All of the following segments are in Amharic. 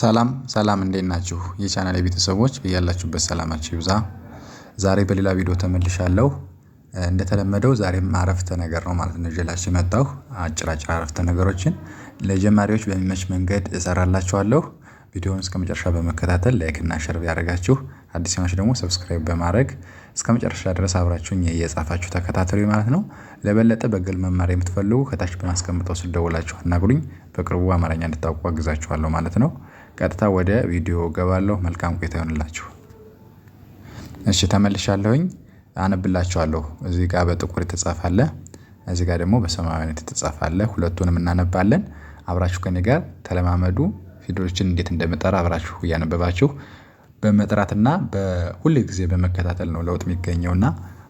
ሰላም ሰላም እንዴት ናችሁ? የቻናል ቤተሰቦች በያላችሁበት ሰላማችሁ ይብዛ። ዛሬ በሌላ ቪዲዮ ተመልሻለሁ። እንደተለመደው ዛሬም አረፍተ ነገር ነው ማለት ነው ይዤላችሁ የመጣሁ አጭራጭር አረፍተ ነገሮችን ለጀማሪዎች በሚመች መንገድ እሰራላችኋለሁ። ቪዲዮውን እስከ መጨረሻ በመከታተል ላይክ እና ሸር ያደርጋችሁ፣ አዲስ ናችሁ ደግሞ ሰብስክራይብ በማድረግ እስከ መጨረሻ ድረስ አብራችሁኝ እየጻፋችሁ ተከታተሉ ማለት ነው። ለበለጠ በግል መማር የምትፈልጉ ከታች በማስቀምጠው ስደውላችሁ አናግሩኝ። በቅርቡ አማርኛ እንድታውቁ አግዛችኋለሁ ማለት ነው። ቀጥታ ወደ ቪዲዮ ገባለሁ። መልካም ቆይታ ይሆንላችሁ። እሺ ተመልሻለሁኝ። አነብላችኋለሁ። እዚህ ጋር በጥቁር የተጻፋለ፣ አለ፣ እዚህ ጋር ደግሞ በሰማያዊነት የተጻፋለ ሁለቱንም እናነባለን። አብራችሁ ከኔ ጋር ተለማመዱ። ፊደሎችን እንዴት እንደምጠራ አብራችሁ እያነበባችሁ በመጥራትና በሁል ጊዜ በመከታተል ነው ለውጥ የሚገኘውና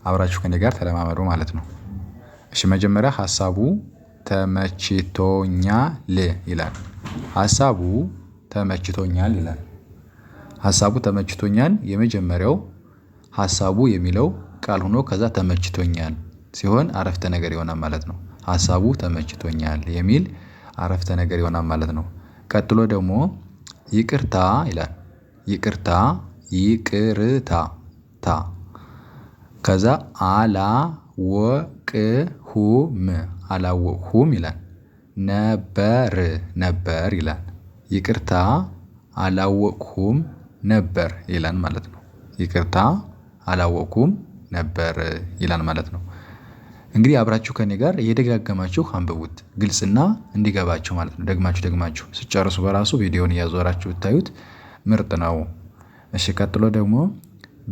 አብራችሁ ከኔ ጋር ተለማመዱ ማለት ነው። እሺ መጀመሪያ ሀሳቡ ተመችቶኛል ይላል። ሀሳቡ ተመችቶኛል ይላል። ሀሳቡ ተመችቶኛል የመጀመሪያው ሀሳቡ የሚለው ቃል ሆኖ ከዛ ተመችቶኛል ሲሆን አረፍተ ነገር ይሆናል ማለት ነው። ሀሳቡ ተመችቶኛል የሚል አረፍተ ነገር ይሆናል ማለት ነው። ቀጥሎ ደግሞ ይቅርታ ይላል። ይቅርታ ይቅርታ ታ ከዛ አላወቅሁም አላወቅሁም ይላል። ነበር ነበር ይላል። ይቅርታ አላወቅሁም ነበር ይላል ማለት ነው። ይቅርታ አላወቅሁም ነበር ይላል ማለት ነው። እንግዲህ አብራችሁ ከእኔ ጋር እየደጋገማችሁ አንብቡት ግልጽና እንዲገባችሁ ማለት ነው። ደግማችሁ ደግማችሁ ስጨርሱ በራሱ ቪዲዮን እያዞራችሁ ብታዩት ምርጥ ነው። እሺ ቀጥሎ ደግሞ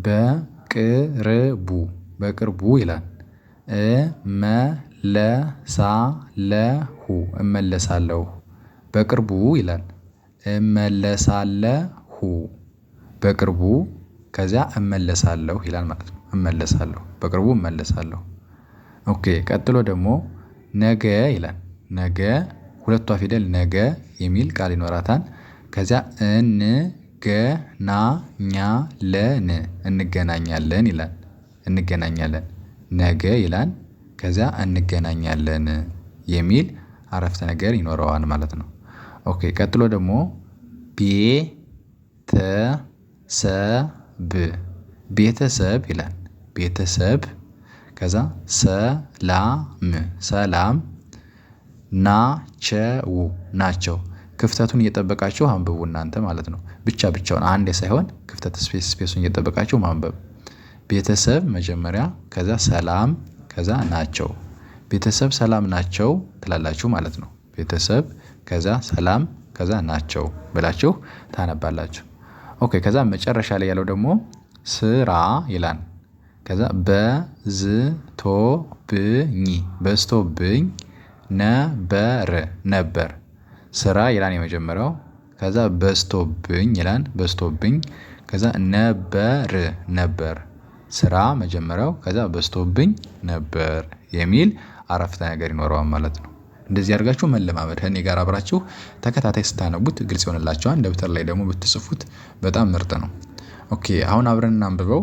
በቅርቡ በቅርቡ ይላል እመለሳለሁ እመለሳለሁ በቅርቡ ይላል እመለሳለሁ በቅርቡ ከዚያ እመለሳለሁ ይላል ማለት ነው እመለሳለሁ በቅርቡ እመለሳለሁ። ኦኬ ቀጥሎ ደግሞ ነገ ይላል ነገ ሁለቷ ፊደል ነገ የሚል ቃል ይኖራታል። ከዚያ እንገናኛለን እንገናኛለን ይላል እንገናኛለን ነገ ይላል ከዚያ እንገናኛለን የሚል አረፍተ ነገር ይኖረዋል ማለት ነው ኦኬ ቀጥሎ ደግሞ ቤተሰብ ቤተሰብ ይላል ቤተሰብ ከዛ ሰላም ሰላም ናቸው ናቸው ክፍተቱን እየጠበቃችሁ አንብቡ እናንተ ማለት ነው። ብቻ ብቻውን አንዴ ሳይሆን ክፍተት ስፔስ ስፔሱን እየጠበቃችሁ ማንበብ። ቤተሰብ መጀመሪያ ከዛ ሰላም ከዛ ናቸው ቤተሰብ ሰላም ናቸው ትላላችሁ ማለት ነው። ቤተሰብ ከዛ ሰላም ከዛ ናቸው ብላችሁ ታነባላችሁ። ኦኬ ከዛ መጨረሻ ላይ ያለው ደግሞ ስራ ይላል። ከዛ በዝቶብኝ በዝቶብኝ ነበር ነበር ስራ ይላን የመጀመሪያው። ከዛ በዝቶብኝ ይላን በዝቶብኝ ከዛ ነበር ነበር ስራ መጀመሪያው ከዛ በዝቶብኝ ነበር የሚል አረፍተ ነገር ይኖረዋል ማለት ነው። እንደዚህ አድርጋችሁ መለማመድ ከእኔ ጋር አብራችሁ ተከታታይ ስታነቡት ግልጽ ይሆንላቸዋል። ደብተር ላይ ደግሞ ብትጽፉት በጣም ምርጥ ነው። ኦኬ አሁን አብረን እናንብበው።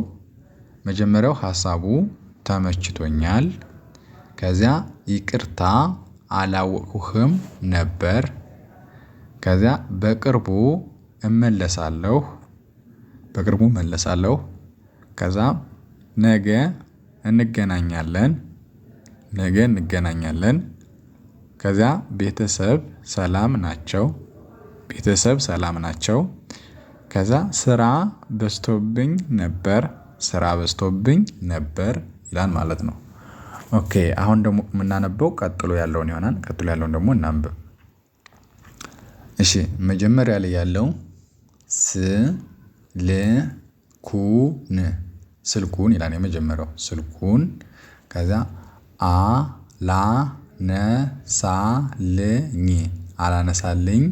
መጀመሪያው ሀሳቡ ተመችቶኛል። ከዚያ ይቅርታ አላወቅሁህም ነበር። ከዚያ በቅርቡ እመለሳለሁ በቅርቡ እመለሳለሁ። ከዛ ነገ እንገናኛለን ነገ እንገናኛለን። ከዚያ ቤተሰብ ሰላም ናቸው፣ ቤተሰብ ሰላም ናቸው። ከዛ ስራ በዝቶብኝ ነበር፣ ስራ በዝቶብኝ ነበር ይላል ማለት ነው። ኦኬ አሁን ደግሞ የምናነበው ቀጥሎ ያለውን ይሆናል። ቀጥሎ ያለውን ደግሞ እናንብብ። እሺ መጀመሪያ ላይ ያለው ስልኩን ስልኩን ይላል የመጀመሪያው ስልኩን ከዚያ አላ ነሳልኝ አላነሳልኝ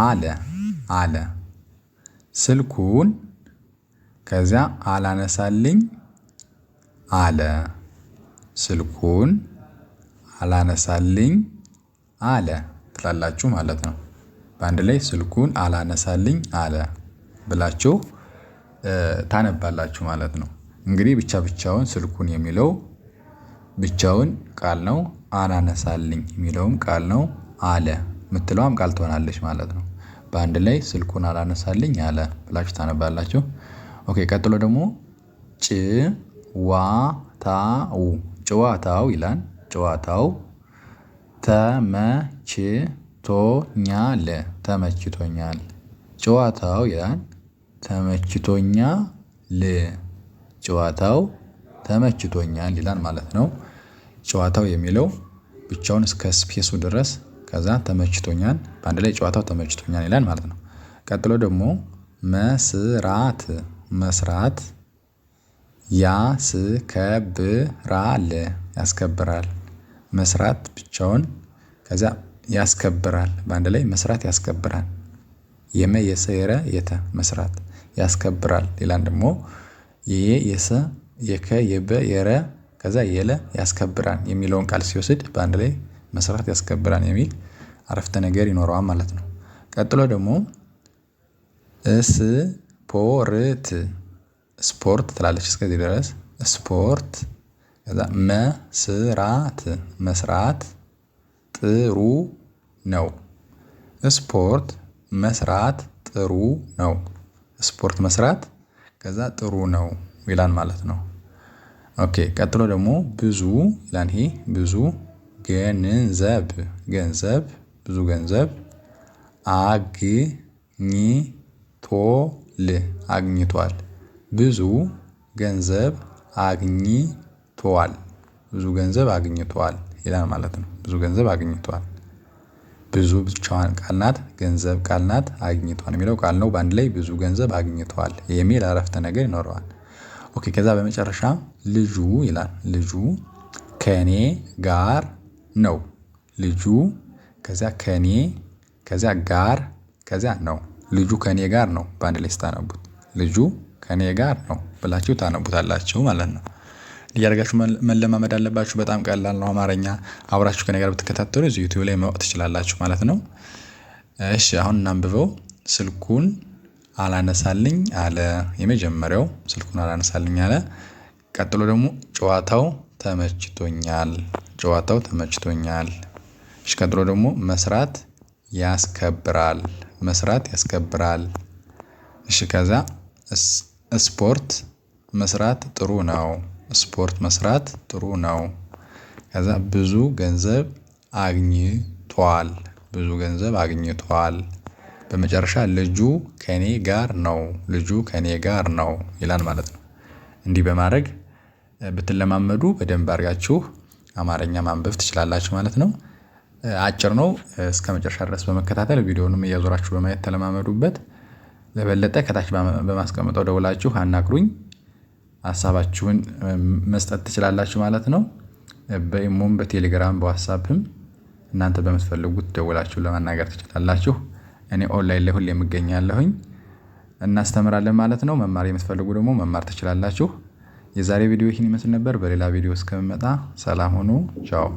አለ አለ ስልኩን ከዚያ አላነሳልኝ አለ ስልኩን አላነሳልኝ አለ ትላላችሁ ማለት ነው። በአንድ ላይ ስልኩን አላነሳልኝ አለ ብላችሁ ታነባላችሁ ማለት ነው። እንግዲህ ብቻ ብቻውን ስልኩን የሚለው ብቻውን ቃል ነው። አናነሳልኝ የሚለውም ቃል ነው አለ የምትለዋም ቃል ትሆናለች ማለት ነው። በአንድ ላይ ስልኩን አላነሳልኝ አለ ብላችሁ ታነባላችሁ። ኦኬ ቀጥሎ ደግሞ ጭዋታው ጭዋታው ይላል ጨዋታው ተመችቶኛል ተመችቶኛል ጨዋታው ይላል ተመችቶኛል ጨዋታው ተመችቶኛል ይላል ማለት ነው ጨዋታው የሚለው ብቻውን እስከ ስፔሱ ድረስ ከዛ ተመችቶኛል በአንድ ላይ ጨዋታው ተመችቶኛል ይላል ማለት ነው። ቀጥሎ ደግሞ መስራት መስራት ያስከብራል ያስከብራል መስራት ብቻውን ከዛ ያስከብራል በአንድ ላይ መስራት ያስከብራል። የመ የሰ የተ መስራት ያስከብራል። ይላል ደግሞ የየ የሰ የከ የበ የረ ከዛ የለ ያስከብራን የሚለውን ቃል ሲወስድ በአንድ ላይ መስራት ያስከብራን የሚል አረፍተ ነገር ይኖረዋል ማለት ነው። ቀጥሎ ደግሞ ስፖርት ስፖርት ትላለች። እስከዚህ ድረስ ስፖርት ከዛ መስራት መስራት ጥሩ ነው። ስፖርት መስራት ጥሩ ነው። ስፖርት መስራት ከዛ ጥሩ ነው ይላል ማለት ነው። ኦኬ ቀጥሎ ደግሞ ብዙ ይላል። ይሄ ብዙ ገንዘብ ገንዘብ ብዙ ገንዘብ አግኝቶል አግኝቷል። ብዙ ገንዘብ አግኝቷል። ብዙ ገንዘብ አግኝቷል ይላል ማለት ነው። ብዙ ገንዘብ አግኝቷል። ብዙ ብቻዋን ቃል ናት። ገንዘብ ቃል ናት። አግኝቷል የሚለው ቃል ነው። በአንድ ላይ ብዙ ገንዘብ አግኝቷል የሚል አረፍተ ነገር ይኖረዋል። ኦኬ ከዛ በመጨረሻ ልጁ ይላል ልጁ ከኔ ጋር ነው ልጁ ከዚያ ከኔ ከዚያ ጋር ከዚያ ነው ልጁ ከኔ ጋር ነው በአንድ ላይ ስታነቡት ልጁ ከኔ ጋር ነው ብላችሁ ታነቡታላችሁ ማለት ነው። እያደረጋችሁ መለማመድ አለባችሁ። በጣም ቀላል ነው አማርኛ። አብራችሁ ከኔ ጋር ብትከታተሉ ዩቲዩብ ላይ ማወቅ ትችላላችሁ ማለት ነው። እሺ አሁን እናንብበው ስልኩን አላነሳልኝ አለ የመጀመሪያው ስልኩን አላነሳልኝ አለ። ቀጥሎ ደግሞ ጨዋታው ተመችቶኛል ጨዋታው ተመችቶኛል። እሺ ቀጥሎ ደግሞ መስራት ያስከብራል መስራት ያስከብራል። እሺ ከዛ ስፖርት መስራት ጥሩ ነው ስፖርት መስራት ጥሩ ነው። ከዛ ብዙ ገንዘብ አግኝቷል ብዙ ገንዘብ አግኝቷል በመጨረሻ ልጁ ከኔ ጋር ነው ልጁ ከኔ ጋር ነው ይላል ማለት ነው። እንዲህ በማድረግ ብትለማመዱ በደንብ አድርጋችሁ አማርኛ ማንበብ ትችላላችሁ ማለት ነው። አጭር ነው እስከ መጨረሻ ድረስ በመከታተል ቪዲዮንም እያዞራችሁ በማየት ተለማመዱበት። ለበለጠ ከታች በማስቀመጠው ደውላችሁ አናግሩኝ ሀሳባችሁን መስጠት ትችላላችሁ ማለት ነው። በኢሞም በቴሌግራም በዋትሳፕም እናንተ በምትፈልጉት ደውላችሁ ለማናገር ትችላላችሁ። እኔ ኦንላይን ላይ ሁሌ የምገኛለሁኝ እናስተምራለን ማለት ነው። መማር የምትፈልጉ ደግሞ መማር ትችላላችሁ። የዛሬ ቪዲዮ ይህን ይመስል ነበር። በሌላ ቪዲዮ እስከምመጣ ሰላም ሁኑ። ቻው